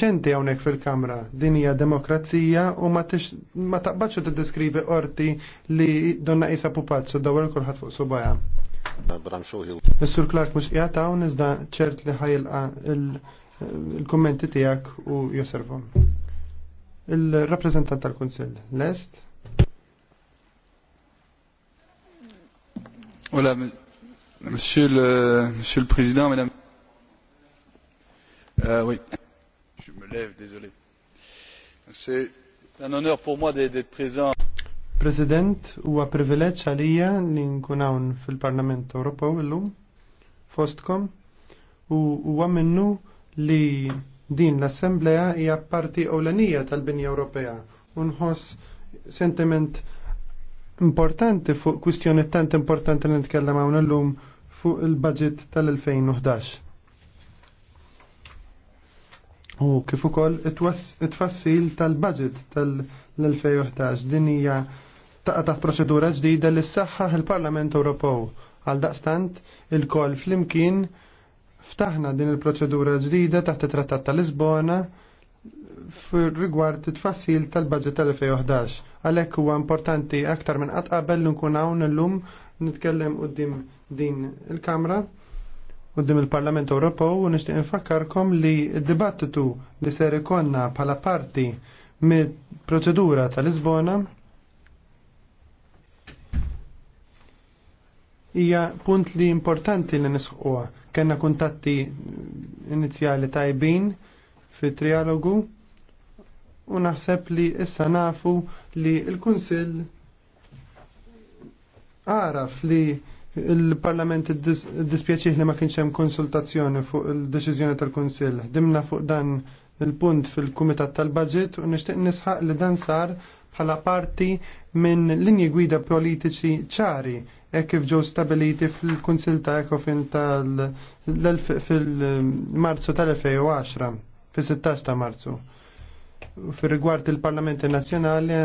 ċenti għonek fil-Kamra. Din hija demokrazija u ma taqbadx u t-deskrivi orti li donna Isa Pupazzo dawel kulħadd fuq subaja. Mr. Clark mux qiegħed għon izda ċert li ħajlqa il-kummenti tijak u joservom. Il-rappreżentant tal-Kunsill, lest? Voilà, Monsieur le, Monsieur le Président, Madame. Euh, oui je me lève, désolé. C'est un honneur pour moi d'être présent. President, huwa privileġġ għalija li nkun hawn fil-Parlament Ewropew illum fostkom u huwa minnu li din l-Assemblea hija parti ewlenija tal-Binja Ewropea u nħoss sentiment importanti fuq kwistjoni tant importanti li nitkellem hawn illum fuq il-budget tal-2011 u kif ukoll it-tfassil tal-budget tal-2011 din hija taqa' taħt proċedura ġdida li ssaħħaħ il-Parlament Ewropew. Għal daqstant il-koll flimkien ftaħna din il-proċedura ġdida taħt it-Trattat tal-Lisbona rigward it-tfassil tal-budget tal-2011. Għalhekk huwa importanti aktar minn qatt qabel nkun hawn illum nitkellem quddiem din il-Kamra għoddim il-Parlament Ewropew u nixtieq infakkarkom li d-dibattitu li ser ikonna bħala parti mit proċedura tal-Lisbona hija punt li importanti li nisħuha. Kenna kuntatti inizjali tajbin fit trialogu u naħseb li issa nafu li l-Kunsill għaraf li il-Parlament dispjaċih li ma kienx hemm konsultazzjoni fuq il-deċiżjoni tal-Kunsill. Dimna fuq dan il-punt fil-Kumitat tal-Budget u nixtieq nisħaq li dan sar bħala parti minn linji gwida politiċi ċari e kif ġew stabiliti fil-Kunsill ta' Ekofin fil-Marzu tal-2010, fil-16 ta' Marzu. Fir rigward il-Parlamenti Nazzjonali,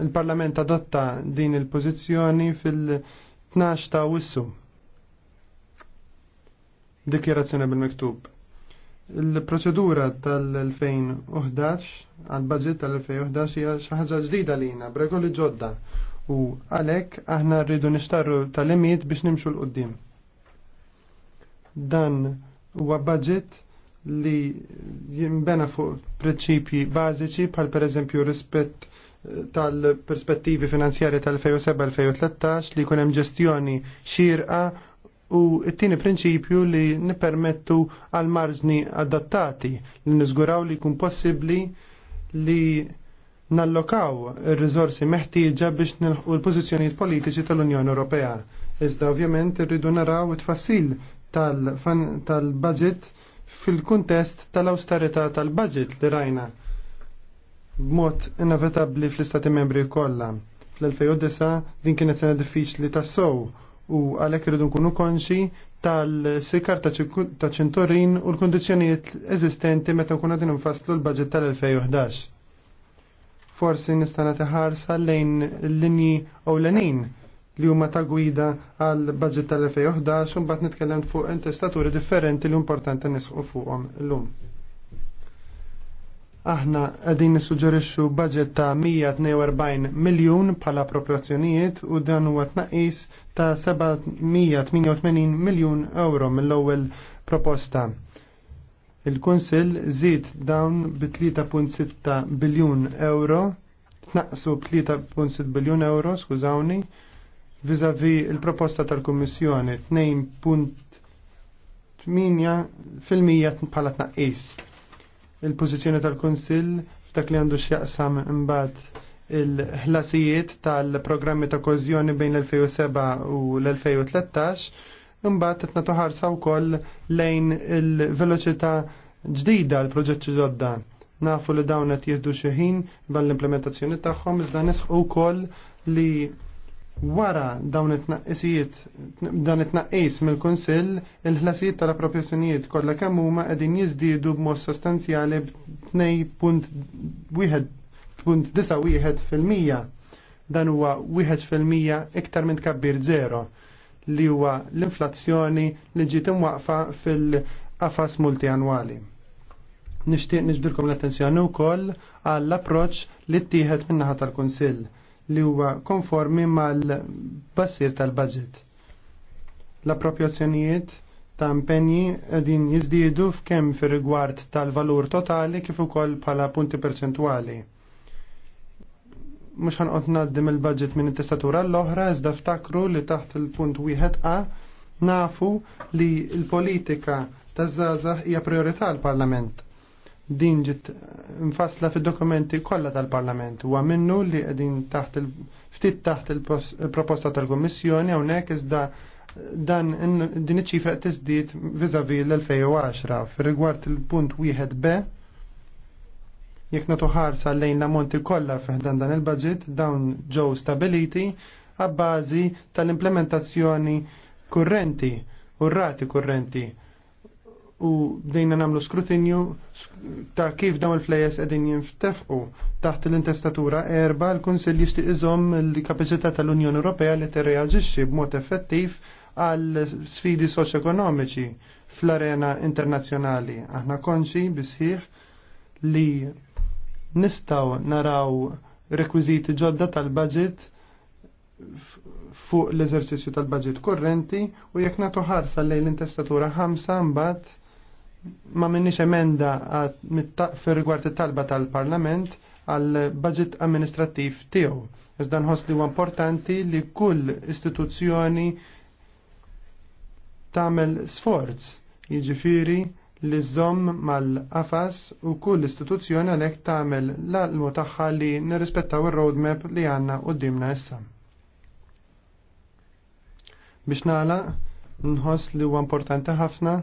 il-Parlament adotta din il-pożizzjoni fil- 12 ta' wissu. Dikjerazzjoni bil-miktub. Il-proċedura tal-2011 għal-budget tal-2011 hija xi ħaġa ġdida lina b'regoli ġodda u għalhekk aħna rridu nixtarru tal-imiet biex nimxu l qudiem Dan huwa budget li jimbena fuq prinċipji bażiċi bħal pereżempju rispett tal-perspettivi finanzjarji tal-2007-2013 li jkun hemm ġestjoni xirqa u t-tieni prinċipju li nippermettu għal marġni adattati li niżguraw li jkun possibbli li nallokaw il rizorsi meħtieġa biex nilħu l-pożizzjonijiet politiċi tal-Unjoni Ewropea. Iżda ovvjament irridu naraw it-tfassil tal-budget tal fil kuntest tal austerita tal-budget li rajna b'mod inevitabbli fl-istati membri kollha. Fl-2009 din kienet sena diffiċli tassow u għalhekk irridu nkunu konxi tal-sikar ta' ċinturin u l-kondizjonijiet eżistenti meta nkunu għadin nfasslu l-budget tal-2011. Forsi nistana ħarsa lejn l-linji u l-lenin li huma ta' gwida għal budget tal-2011 u mbagħad nitkellem fuq intestaturi differenti li importanti nisqu fuqhom l-lum aħna għedin nissuġġerixxu budget ta' 142 miljun bħala appropriazzjonijiet u dan huwa tnaqqis ta' 788 miljun euro mill-ewwel proposta. Il-Kunsill żied dawn bi 3.6 biljun euro, tnaqsu 3.6 biljun euro, skużawni, vizavi il-proposta tal-Kummissjoni 2.8 fil-mija bħala tnaqqis il-pożizzjoni tal-Kunsill f'dak li għandu x'jaqsam imbagħad il-ħlasijiet tal-programmi ta' kożjoni bejn l-2007 u l-2013 imbagħad qed nagħtu ħarsa wkoll lejn il-veloċità ġdida l-proġetti ġodda. Nafu li dawn qed jieħdu xi ħin l implementazzjoni tagħhom iżda nisħu wkoll li Wara dawn it-tnaqqisijiet dan it-tnaqqis mill-Kunsill, il-ħlasijiet tal-appropriazzjonijiet kollha kemm huma qegħdin jiżdiedu b'mod sostanzjali b'2.91 fil-mija. Dan huwa wieħed fil-mija iktar minn tkabbir zero li huwa l-inflazzjoni li ġiet imwaqfa fil-qafas multianwali. Nixtieq niġbilkom l-attenzjoni wkoll għall-approċċ li ttieħed min-naħa tal-Kunsill li huwa konformi mal-bassir tal-budget. L-appropjazzjonijiet ta' impenji din jizdidu f'kemm fir rigward tal-valur totali kif ukoll bħala punti perċentwali. Mhux ħanqod naddim il-budget minn it-testatura l-oħra iżda ftakru li taħt il-punt wieħed A nafu li l-politika taż-żgħażagħ hija priorità l-Parlament din ġiet infasla fid-dokumenti kollha tal-Parlament huwa minnu li qegħdin taħt ftit taħt il-proposta tal-Kummissjoni hawnhekk iżda dan din iċ-ċifra qed tiżdied viżavi l-2010 fir-rigward il-punt wieħed B jekk nagħtu ħarsa lejn l-ammonti kollha fiħdan dan il-budget dawn ġew stability għabbażi tal-implementazzjoni kurrenti u rati kurrenti u bdejna namlu skrutinju ta' kif dawn il-flejes edin jinftefqu taħt l-intestatura erba l-Kunsill jixtieq iżomm l-kapaċità tal-Unjoni Ewropea li tirreaġixxi b'mod effettiv għal sfidi soċ-ekonomiċi fl-arena internazzjonali. Aħna konxi bisħiħ li nistaw naraw rekwiziti ġodda tal-budget fuq l-eżerċizzju tal-budget korrenti u jekk nagħtu ħarsa lejn l-intestatura ħamsa mbagħad ma minnix emenda fir rigward it-talba tal-Parlament għal budget amministrattiv tiegħu. Iżda nħoss li huwa importanti li kull istituzzjoni tagħmel sforz, jiġifieri li żomm mal-qafas u kull istituzzjoni għalhekk tagħmel l għalmu tagħha li nirrispettaw ir-roadmap li għandna qudiemna issa. Biex nagħlaq nħoss li huwa importanti ħafna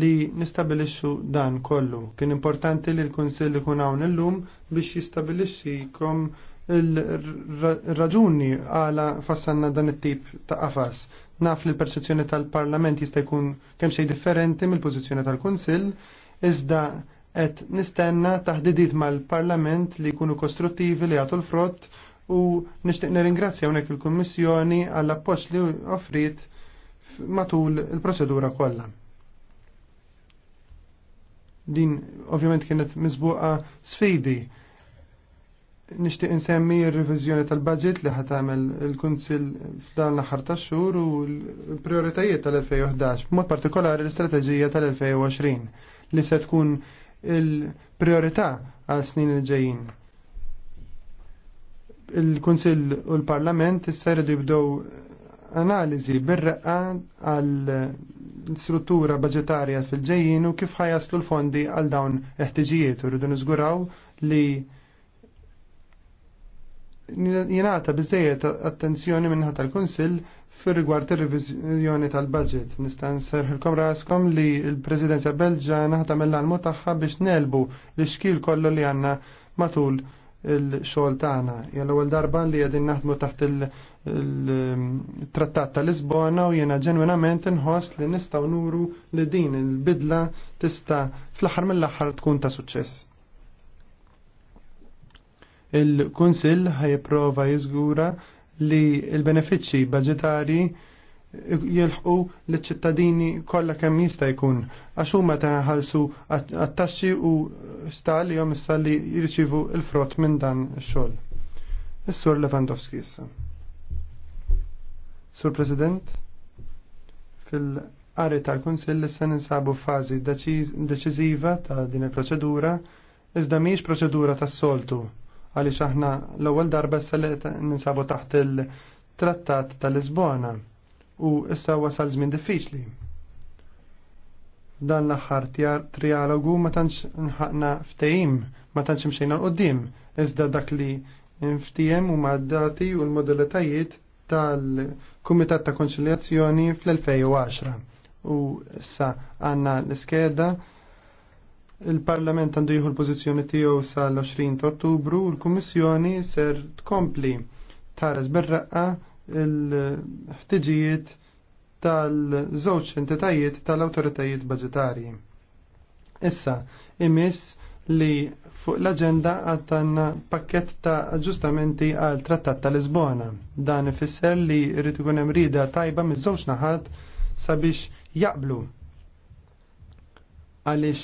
li nistabilixxu dan kollu. Kien importanti li l-Kunsill ikun hawn illum biex jistabilixxikom il-raġuni għala fassanna dan it-tip ta' qafas. Naf li l-perċezzjoni tal-Parlament jista' jkun kemm xejn differenti mill-pożizzjoni tal-Kunsill, iżda qed nistenna taħdidiet mal-Parlament li jkunu kostruttivi li jagħtu l-frott u nixtieq nirringrazzja hawnhekk il-Kummissjoni għall appoġġ li offrit matul il-proċedura kollha. Din ovvjament kienet mizbuqa sfidi. Nixtieq insemmi r revizjoni tal-budget li ħat tagħmel il-Kunsill f'dan l-aħħar tax-xhur u l-prijoritajiet tal-2011, mod partikolari l-istrateġija tal-2020 li se tkun il-priorità għal snin li ġejjin. Il-Kunsill u l-Parlament issa jridu jibdew analiżi bir-reqqa għal struttura budgetarja fil-ġejjin u kif ħajaslu l-fondi għal dawn eħtiġijiet u rridu niżguraw li jenata bizzejiet attenzjoni minnħat tal-Konsil fir rigward ir-revizjoni tal-budget. Nista' nserħilkom raskom li l-Presidenza Belġana mill-għalmu tagħha biex nelbu l-xkil kollu li għandna matul il-xogħol tagħna. Jew l-ewwel darba li qegħdin naħdmu taħt il- il-trattat ta' Lisbona u jena ġenwinament nħoss li nistaw nuru li din il-bidla tista fl ħar mill ħar tkun ta' suċċess. Il-Kunsill ħajprova jiżgura li il-benefiċċji budgetari jilħqu l-ċittadini kollha kemm jista' jkun għax huma tanħalsu għat-taxxi u stal jom issa li jirċivu l-frott minn dan ix-xogħol. Is-Sur Lewandowski issa. Sur President, fil-qari tal-Kunsill issa ninsabu fażi deċiżiva ta' din il-proċedura iżda mhijiex proċedura tas-soltu għaliex aħna l-ewwel darba issa ninsabu taħt il-Trattat tal-Lisbona u issa wasal żmien diffiċli. Dan l-aħħar trialogu ma tantx nħaqna ftehim, ma tantx imxejna l-qudiem, iżda dak li nftiem huma dati u l-modalitajiet tal-Kumitat ta' Konsiljazzjoni fl-2010. U issa għanna l-iskeda il-Parlament għandu jieħu l-pożizzjoni tiegħu sal-20 ta' Ottubru u l-Kummissjoni ser tkompli tares berraqqa il-ħtiġijiet tal-żewġ entitajiet tal-awtoritajiet budġetarji. Issa, imiss li fuq l-agenda għattanna pakket ta' aġġustamenti għal trattat ta' Lisbona. Dan ifisser li rrid ikun hemm rida tajba miż-żewġ naħat sabiex jaqblu. Għaliex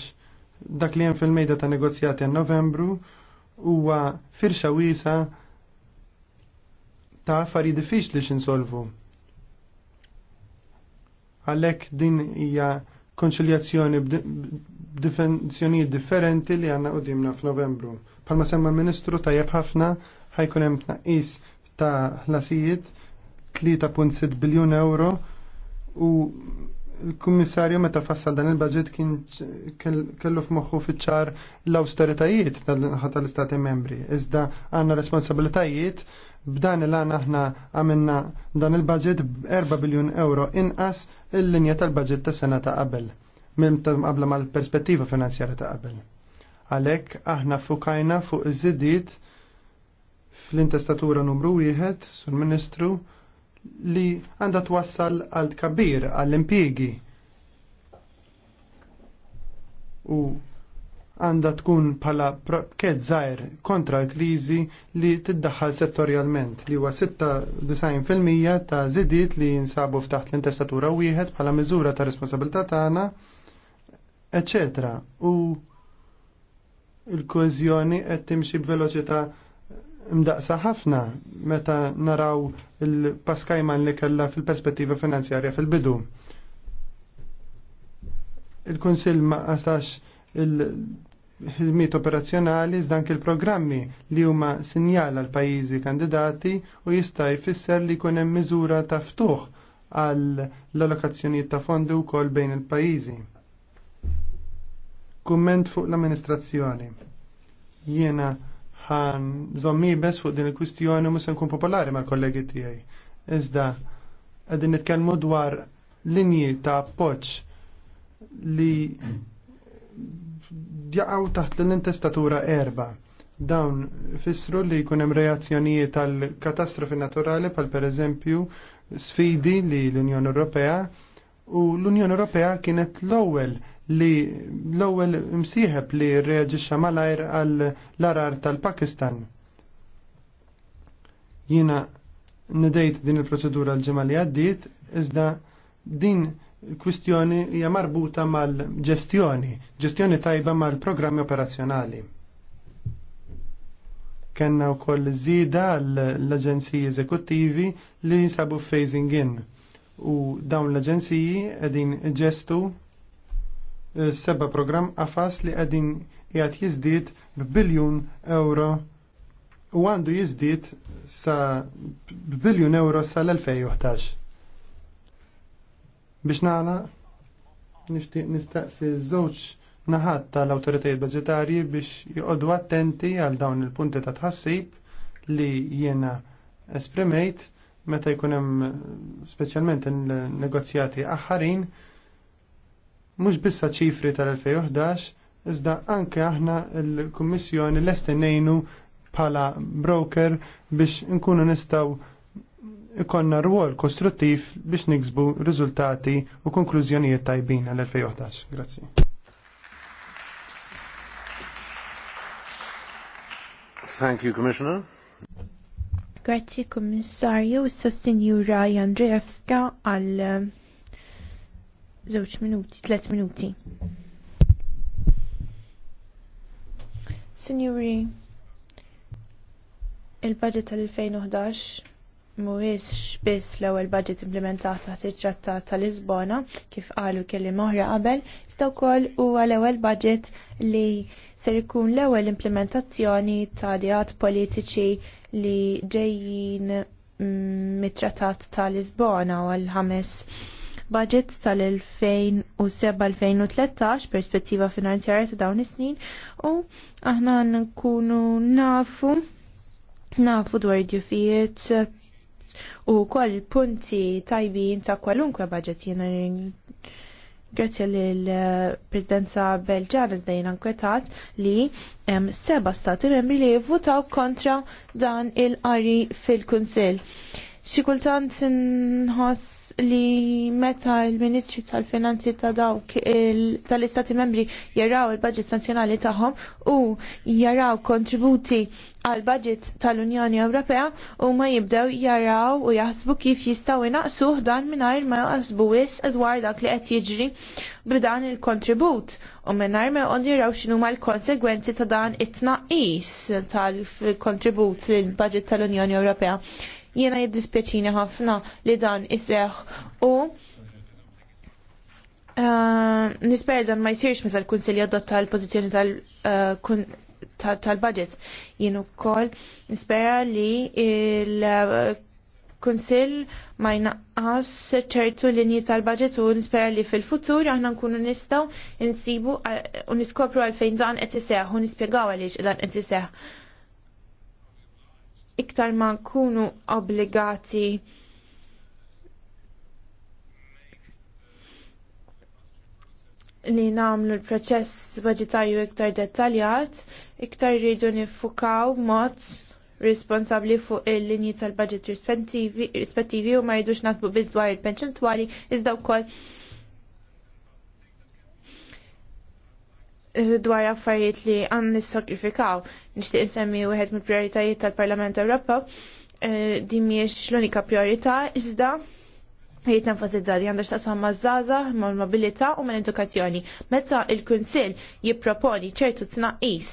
dak li hemm fil-mejda ta' negozjati għal Novembru huwa firxa wiesa ta' affarijiet diffiċli x'insolvu. Għalhekk din hija konċiljazzjoni definizjonijiet differenti li għanna u dimna f'Novembru. Palma semma ministru tajjeb ħafna ħajkun hemm tnaqqis ta' ħlasijiet 3.6 biljun euro u l kummissarju meta fassal dan il-budget kien kellu f'moħħu fiċ-ċar l-austeritajiet tal-istati membri. Iżda għandna responsabilitajiet b'dan il-għan aħna għamilna dan il-budget 4 biljun euro inqas il-linja tal-budget tas-sena ta' qabel minn qabla mal-perspettiva finanzjarja ta' qabel. Għalhekk aħna fukajna fuq iż-żidiet fl-intestatura numru wieħed sul-Ministru li għandha twassal għal tkabbir għall-impjiegi u għanda tkun pala ket zaħir kontra l-krizi li tiddaħħal settorjalment li huwa 96% ta' żidiet li jinsabu ftaħt l-intestatura wieħed bħala miżura ta' responsabilità tagħna eccetera. U il-koezjoni qed timxi b'veloċità mdaqsa ħafna meta naraw il-paskajman li kellha fil-perspettiva finanzjarja fil-bidu. Il-Kunsill ma qatax il-ħilmiet operazzjonali zdank il-programmi li huma sinjal l pajjiżi kandidati u jista' jfisser li jkun hemm miżura ta' ftuħ għall allokazzjonijiet ta' fondi wkoll bejn il-pajjiżi. Kumment fuq l-amministrazzjoni. Jiena ħan zommi bes fuq din il-kwistjoni musa nkun popolari mal-kollegi tiegħi. Iżda qegħdin nitkellmu dwar linji ta' poċ li jaqgħu taħt l-intestatura erba' dawn fissru li jkun hemm reazzjonijiet tal-katastrofi naturali pal pereżempju sfidi li l-Unjoni Ewropea u l-Unjoni Ewropea kienet l-ewwel li l-ewwel imsieħeb li reaġixxa malajr għal l-arar tal-Pakistan. Jiena nidejt din il-proċedura l-ġimgħa li għaddiet iżda din kwistjoni hija marbuta mal-ġestjoni, ġestjoni tajba mal-programmi operazzjonali. Kenna wkoll żieda l-aġenziji eżekuttivi li jinsabu phasing in u dawn l-aġenziji qegħdin ġestu seba program għafas li qegħdin qiegħed jiżdied b'biljun euro u għandu jiżdied sa b'biljun euro sal-2011. Biex naħla, nixtieq nistaqsi żewġ naħat tal-awtoritajiet budgetarji biex joqogħdu attenti għal dawn il-punti ta' tħassib li jiena esprimejt meta jkun hemm speċjalment in negozjati aħħarin mhux bissa ċifri tal-2011, iżda anke aħna l-Kummissjoni lesti ngħinu bħala broker biex nkunu nistgħu ikonna rwol kostruttiv biex niksbu riżultati u konklużjonijiet tajbin għal-2011. Grazzi. Thank you, Commissioner. Grazzi, Kommissarju, sostenju sostinju Andrzejewska għal żewġ minuti, tliet minuti. Signori, il-budget tal-2011 mhuwiex biss l-ewwel budget implementat taħt it-Trattat ta' Lisbona kif qalu kelli moħra qabel, iżda wkoll huwa l-ewwel budget li ser ikun l-ewwel implementazzjoni ta' dijat politiċi li ġejjin mm, mit-Trattat tal Lisbona għal ħames budget tal-2007-2013 perspettiva finanzjarja ta' dawn is-snin u aħna nkunu nafu nafu dwar id-djufijiet u koll punti tajbin ta' kwalunkwe budget jena Grazie l-Presidenza Belġana zdejna nkwetat li seba stati membri li votaw kontra dan il-qari fil-Kunsil. Xikultant nħoss li meta il-Ministri tal-Finanzi ta' dawk tal-Istati membri jaraw il-budget nazjonali tagħhom u jaraw kontributi għal budget tal-Unjoni Ewropea u ma jibdew jaraw u jaħsbu kif jistaw inaqsu dan mingħajr ma jaħsbu wis dwar dak li qed jiġri b'dan il-kontribut u mingħajr ma jqogħdu jaraw ma l-konsegwenzi ta' dan it-tnaqqis tal-kontribut lill budget tal-Unjoni Ewropea. Jiena jiddispjaċini ħafna li dan iseħħ u Uh, nisper dan ma jsirx meta l-Kunsilli adotta l-pożizzjoni uh, tal-budget. Uh, tal Jien ukoll nispera li il-Kunsill ma jnaqqas ċertu linji tal-budget u nispera li fil-futur aħna nkunu nistgħu insibu uh, u niskopru għalfejn dan qed iseħħ u nispjegaw għaliex dan qed iseħħ iktar ma nkunu obbligati li namlu l-proċess budgetarju iktar dettaljat, iktar rridu nifukaw mod responsabli fuq il-linji tal-budget rispettivi u ma jidux nasbu bizdwar dwar il-perċentwali iżda wkoll Eh, dwar affarijiet li għan nissakrifikaw. Nishtiq insemmi wieħed mill-prioritajiet tal-Parlament Ewropa. di eh, Din miex l-unika priorità iżda jiet nenfasizza li għandax taqsam ma' zaza, ma' mobilità u ma' edukazzjoni. Meta il-Kunsill jipproponi ċertu tnaqqis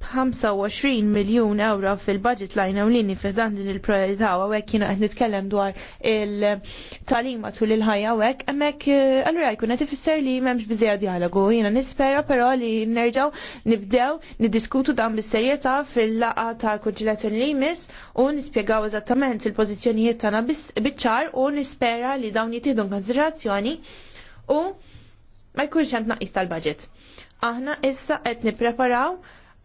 25 miljun euro fil-budget line fil-dan din il-priorità u għek kina għed nitkellem dwar il-talim matul il-ħajja u għek emmek għallura eh, jkun għed ifisser li memx bizzija dialogu jina nispera pero li nerġaw nibdew niddiskutu dan bis-serjetà fil-laqa tal-konġilazzjoni li jmiss u nispjegaw eżattament il-pozizjonijiet tagħna biċ-ċar u nispera li dawn jitieħdu konsiderazzjoni u ma jkunx hemm tnaqqis tal-budget. Aħna issa qed nippreparaw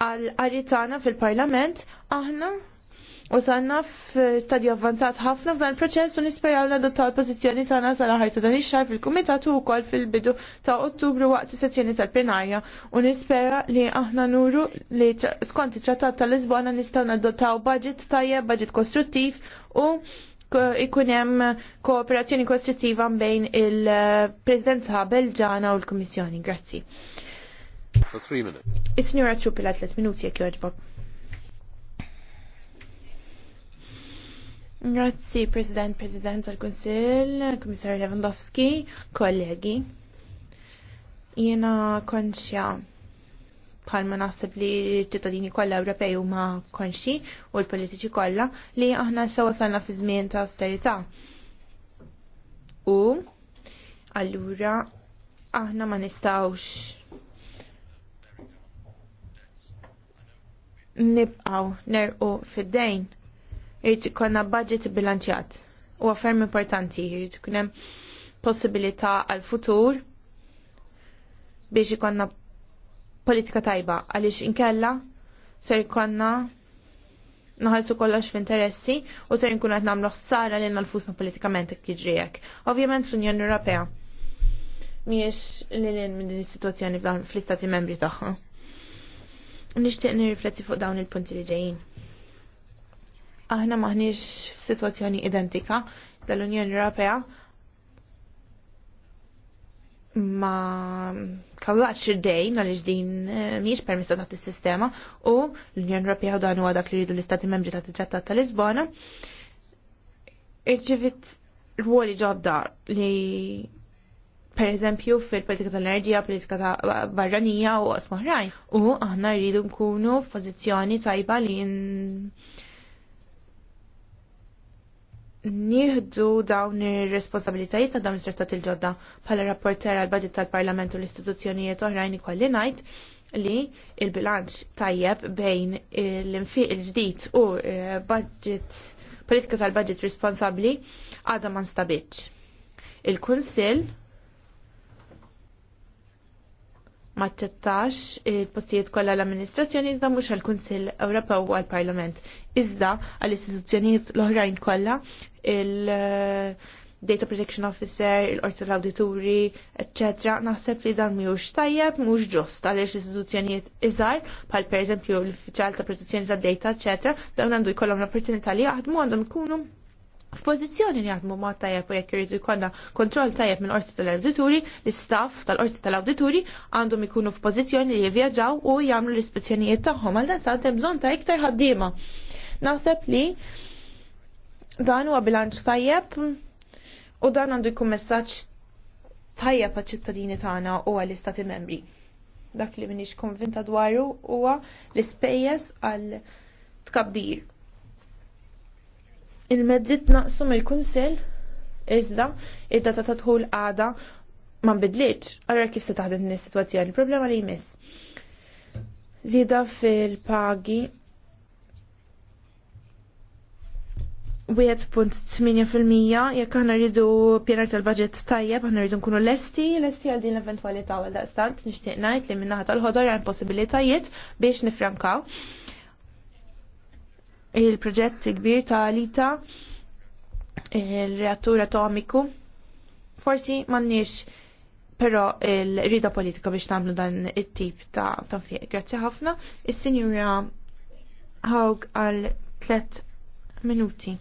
għal aritana fil-parlament, aħna u sanna f-stadju avvanzat ħafna f'dan il-proċess u nisperaw l-adottaw l-pozizjoni tagħna sal ħar ta' dan ix xar fil-kumitat u wkoll fil-bidu ta' Ottubru waqt is-sezzjoni tal-plenarja u nispera li aħna nuru li skont it-Trattat tal-Lisbona nistgħu nadottaw budget tajjeb, budget kostruttiv u ikun hemm kooperazzjoni kostruttiva bejn il-Presidenza Belġana u l-Kummissjoni. Grazzi. For three minutes. is tliet minuti jekk jogħġbok. Grazzi, President, President tal-Konsil, Komissar Lewandowski, kollegi. Jena konxja bħalma naħseb li ċittadini kollha Ewropej huma konxi u l-politiċi kollha li aħna sewa wasalna fi żmien ta' austerità. U allura aħna ma nistawx nibqaw nerqu fid-dejn irrid ikollna budget bilanċjat u affermi importanti irrid ikun hemm possibilità għal futur biex ikonna politika tajba għaliex inkella ser ikonna naħalsu kollox f'interessi u ser nkun qed nagħmlu ħsara lil nfusna politikament jiġrijek. Ovvjament l-Unjoni Ewropea mhijiex lil minn din is-sitwazzjoni fl-istati membri tagħha. Nixtieq nirrifletti fuq dawn il-punti li ġejjin. Aħna maħniex f'sitwazzjoni identika tal-Unjoni Ewropea ma kawlaċ id-dejn għaliex din eh, miex permessa taħt is-sistema u l-Unjoni Ewropea dan huwa dak li jridu l-Istati Membri ta' t trattat ta' Lisbona irċivit rwoli ġodda li per eżempju fil-politika tal-enerġija, politika ta' barranija u osmoħrajn. U aħna rridu nkunu f'pożizzjoni tajba li nieħdu dawn ir-responsabilitajiet ta' dawn it-trattat il-ġodda bħala rapporter għal budget tal-Parlament u l-istituzzjonijiet oħrajn ikolli ngħid li il-bilanċ tajjeb bejn l-infiq il-ġdid u eh, budget politika tal-budget responsabbli għadha ma nstabiċ. Il-Kunsill maċċettax il-postijiet kollha l-amministrazzjoni iżda mhux għall-Kunsill Ewropew u għall-Parlament. Iżda għall-istituzzjonijiet l-oħrajn kollha il-Data eh, Protection Officer, il-Qorti tal awdituri etc. Naħseb li dan mhux tajjeb, mhux ġust għaliex istituzzjonijiet iżgħar bħal pereżempju l-Uffiċjal ta' Protezzjoni tad-Data, etc. Dawn għandu jkollhom l-opportunità li jaħdmu għandhom ikunu f'pożizzjoni li jaħdmu ma' tajjeb u jekk jridu jkollna kontroll tajjeb mill qorti tal-awdituri, l-istaff tal-qorti tal-awdituri għandhom ikunu f'pożizzjoni li jivvjaġġaw u jagħmlu l-ispezzjonijiet tagħhom għal dan hemm bżonn ta' iktar ħaddiema. Naħseb li dan huwa bilanċ tajjeb u dan għandu jkun messaġġ tajjeb għaċ-ċittadini tagħna u għall-istati membri. Dak li minix konvinta dwaru huwa l-ispejjeż għal tkabbir Il-mezzit naqsum il-Kunsill iżda id-data ta' dħul għada ma bidliċ, għarra kif se taħdem din is-sitwazzjoni, il-problema li jmiss. Zida fil-pagi 1.8% jekk aħna rridu pjanar tal-budget tajjeb, aħna rridu nkunu lesti, lesti għal din l-eventwalità għal daqstant, nixtieq ngħid li minnaħat tal-ħodor hemm possibilitajiet biex nifrankaw il-proġett kbir ta' Alita il-reattur atomiku forsi mannix però il-rida politika biex namlu dan it-tip ta' tanfiq. Grazzi ħafna. Is-sinjura Hawg għal tlet minuti.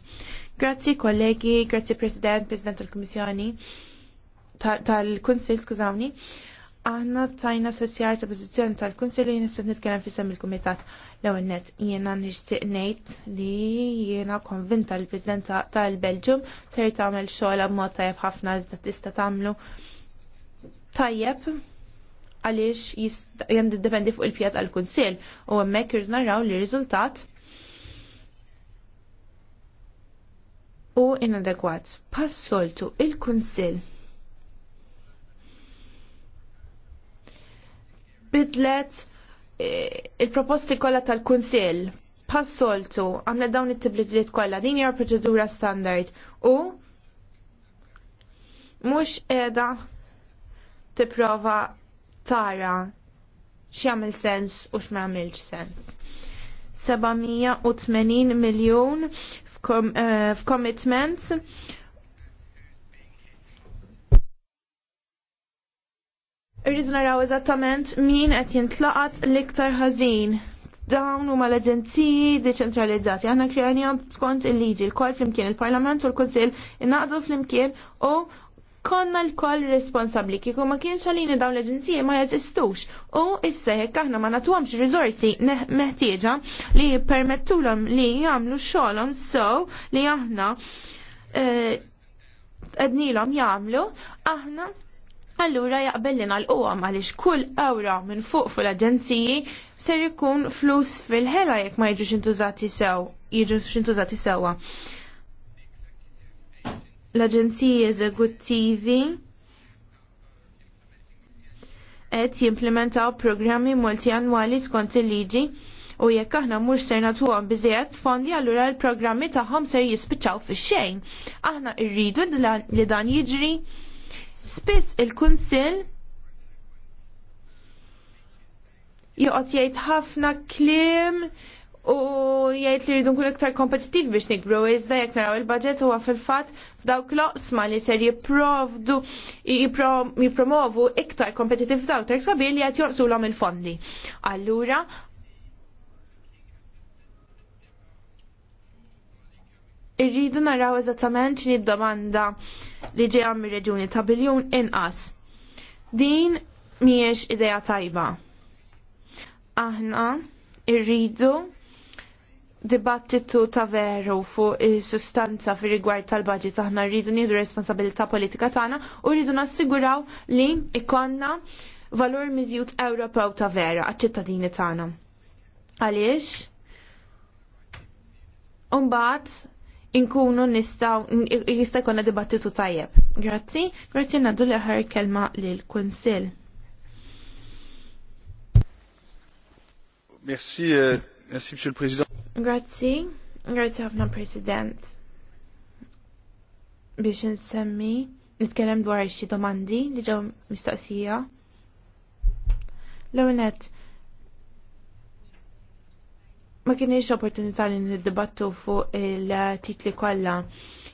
Grazzi kollegi, grazzi President, President tal-Kummissjoni, tal-Kunsil, skużawni. Aħna tajna sessjar ta' pozizjoni tal-Kunsil li nistgħu nitkellem fisem il-Kumitat l-ewwel net jiena nixtieq ngħid li jiena konvinta li l-President tal-Belġium ser tagħmel xogħol b'mod tajjeb ħafna iżda tista' tagħmlu tajjeb għaliex jindipendi fuq il-pjat tal kunsil u hemmhekk irid naraw li riżultat u inadekwat. Pas soltu il-Kunsil bidlet e, il-proposti kollha tal-Kunsill pas-soltu dawn it-tibdiliet kollha din hija proċedura standard u mhux qiegħda tipprova tara x'jagħmel sens u x'm'għamilx sens. 780 miljun e, f'commitments Irridu naraw eżattament min qed jintlaqat l-iktar ħażin. Dawn huma l-aġenziji deċentralizzati. Aħna krejnihom skont il-liġi l-kol flimkien il-Parlament u l-Kunsill innaqdu flimkien u konna l-koll responsabli kieku ma kienx għalini dawn l aġenziji ma jeżistux. u issa jekk aħna ma natuhomx riżorsi meħtieġa li jippermettulhom li jagħmlu xogħolhom so li aħna eh, qednilhom jagħmlu aħna Allura jaqbel li nal għaliex kull awra minn fuq l aġenziji ser ikun flus fil-ħela jekk ma jiġux intużati sew, jiġux intużati sewwa. L-aġenziji eżekuttivi qed jimplementaw programmi multianwali skont il-liġi u jekk aħna mhux ser nagħtuhom biżejjed fondi allura l-programmi tagħhom ser jispiċċaw fix-xejn. Aħna rridu li dan jiġri Spiss il-Kunsill joqgħod jgħid ħafna kliem u jgħid li rridu kun iktar kompetittiv biex nikbru iżda jekk naraw il-budget huwa fil-fatt f'dawk loqsma li ser jipprovdu jippromovu iktar kompetitiv f'dawk tek sabiħ li qed joqsulhom il-fondi. Allura irridu naraw eżattament xini domanda li ġejja mir-reġuni ta' biljun inqas. Din mhijiex idea tajba. Aħna irridu dibattitu ta' veru fuq is-sustanza fir rigward tal-budget aħna rridu nidu responsabilità politika tagħna u rridu nassiguraw li ikonna valur miżjud Ewropew ta' vera għaċ-ċittadini tagħna. Għaliex? Umbagħad inkunu nistaw, jista' jkollna dibattitu tajjeb. Grazzi, grazzi naddu li ħar kelma lil konsil. Merci, euh, merci, Monsieur le Président. Grazzi, grazzi ħafna President. Biex nsemmi, nitkellem dwar xi domandi li ġew mistaqsija. l ma kienx opportunità li niddibattu fuq il-titli kollha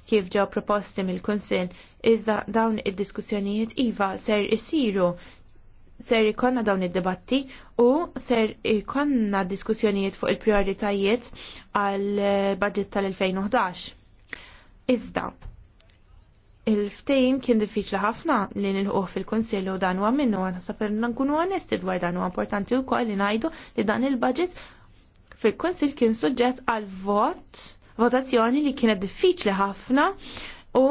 kif ġew proposti mill-Kunsill, iżda dawn id-diskussjonijiet iva ser isiru ser ikonna dawn id-debatti u ser ikonna diskussjonijiet fuq il-prioritajiet għal budget tal-2011. Iżda, il-ftejn kien diffiċli ħafna li nilħuq fil-Kunsill u dan huwa minnu għan ħasab nkunu onesti dwar dan huwa importanti wkoll li ngħidu li dan il-budget fil-Konsil kien suġġett għal vot, votazzjoni li kienet diffiċli ħafna u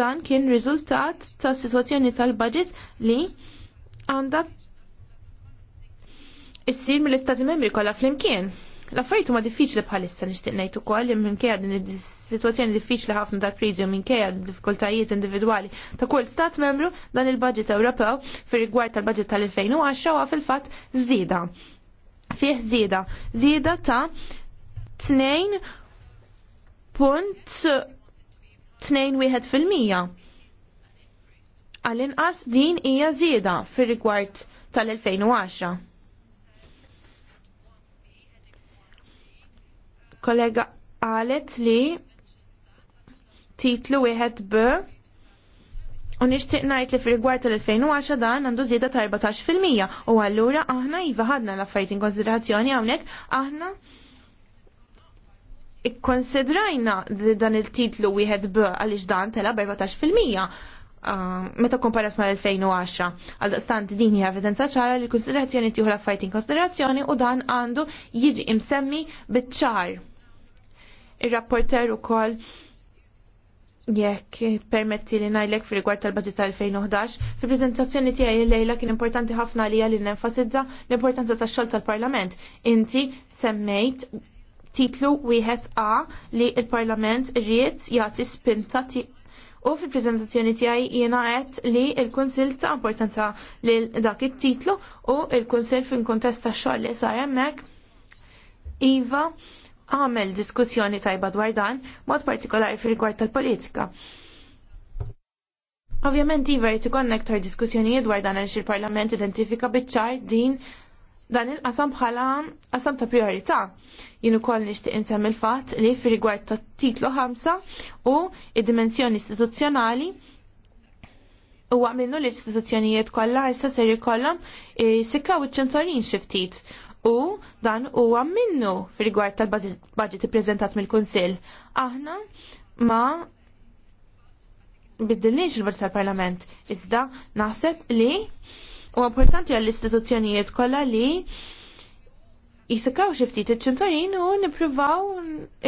dan kien riżultat ta' situazzjoni tal-budget li għandha issir mill-Istati Membri kollha flimkien. L-affarijiet huma diffiċli bħalissa nixtieq ngħid ukoll li minkejja din is-sitwazzjoni diffiċli ħafna tal kriżi u minkejja diffikultajiet individwali ta' kull stat membru dan il-budget Ewropew fir rigward tal-budget tal-2010 huwa fil-fatt żieda fih zida. Zida ta' 2.21%. Għal-inqas din hija zida fir-rigward tal-2010. Kollega qalet li titlu wieħed b U nixtieq ngħid li fil rigward tal-2010 dan għandu zjeda ta' 14% u allura aħna iva ħadna l-affarijiet in konsiderazzjoni hawnhekk aħna ikkonsidrajna dan il-titlu wieħed b għaliex dan tela 14% uh, meta komparat ma l-2010. għal stant din hija evidenza ċara li konsiderazzjoni tieħu l-affarijiet in konsiderazzjoni u dan għandu jiġi imsemmi biċ-ċar. Ir-rapporter ukoll jekk permetti li najlek fi rigward tal-budget tal-2011, fi prezentazzjoni tiegħi lejla kien importanti ħafna li għalli nenfasizza l-importanza tax-xogħol tal-Parlament. Inti semmejt titlu wieħed A li il-Parlament riet jagħti spinta u fil prezentazzjoni tiegħi jiena għedt li l-Kunsill ta' importanza lil dak it-titlu u l-Kunsill fin-kuntest tax-xogħol li sar hemmhekk iva għamel diskussjoni tajba dwar dan, mod partikolari fil rigward tal-politika. Ovvjament iver tikonna ektar diskussjonijiet dwar dan għaliex il-Parlament identifika biċ din dan il-qasam bħala qasam ta' priorità. Jien ukoll nixtieq insemm il-fatt li fi rigward ta' titlu 5 u id-dimensjoni istituzzjonali huwa minnu l-istituzzjonijiet kollha issa ser jkollhom eh, sikkaw iċ-ċentorin xi ftit u dan huwa minnu fil rigward tal-budget prezentat mill-Kunsill. Aħna ma biddilniex il-Versa tal-Parlament, iżda naħseb li u importanti għall-istituzzjonijiet kollha li jisakaw xiftit iċ ċentorin u nipruvaw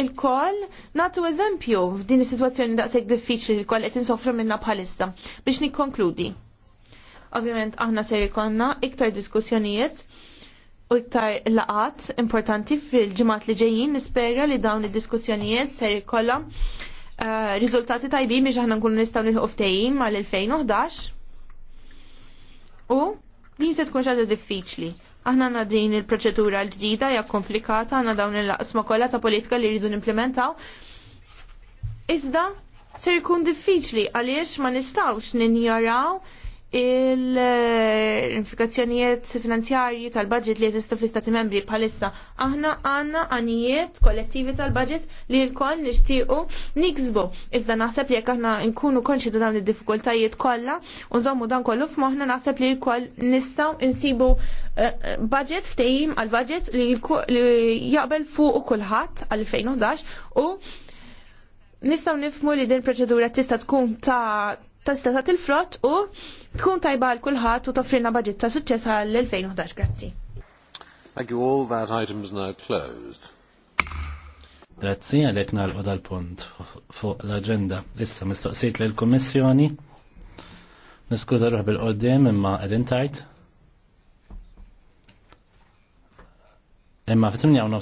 il-koll natu eżempju f'din is-sitwazzjoni daqshekk diffiċli li koll qed insofru minnha bħalissa biex nikkonkludi. Ovvjament aħna ser ikonna iktar diskussjonijiet u iktar laqat importanti fil-ġimat li ġejjin nispera li dawn id-diskussjonijiet ser jkollhom eh, riżultati tajbin biex aħna nkunu nistgħu nilħu ftehim mal-2011 u din se tkun ċaġa diffiċli. Aħna għandna din il-proċedura l-ġdida hija komplikata għandna dawn il-laqsma kollha ta' politika li jridu nimplementaw. Iżda ser ikun diffiċli għaliex ma nistgħux ninjaraw il-infikazzjonijiet finanzjarji tal-budget li jeżistu fl-istati membri bħalissa. Aħna għanna għanijiet kollettivi tal-budget li l-koll nishtiqu niksbu. Iżda naħseb li jek aħna nkunu konċi da dan il-difikultajiet kolla, unżommu dan kollu f'moħna naħseb li l-koll nistaw nsibu eh, eh, budget ftejim għal-budget li jaqbel fuq kulħadd għal-2011 u nistaw nifmu li din proċedura tista' tkun ta' ta' til flott frott u tkun tajba għal kulħadd u toffrina budget ta' suċċess għal 2011. Grazzi. Thank you all, that item is now closed. Grazzi għalek nalqu dal-punt fuq l-agenda. Issa mistoqsit l kommissjoni Niskuta ruħ bil-qoddim imma għedin tajt. Imma fit-8 nofs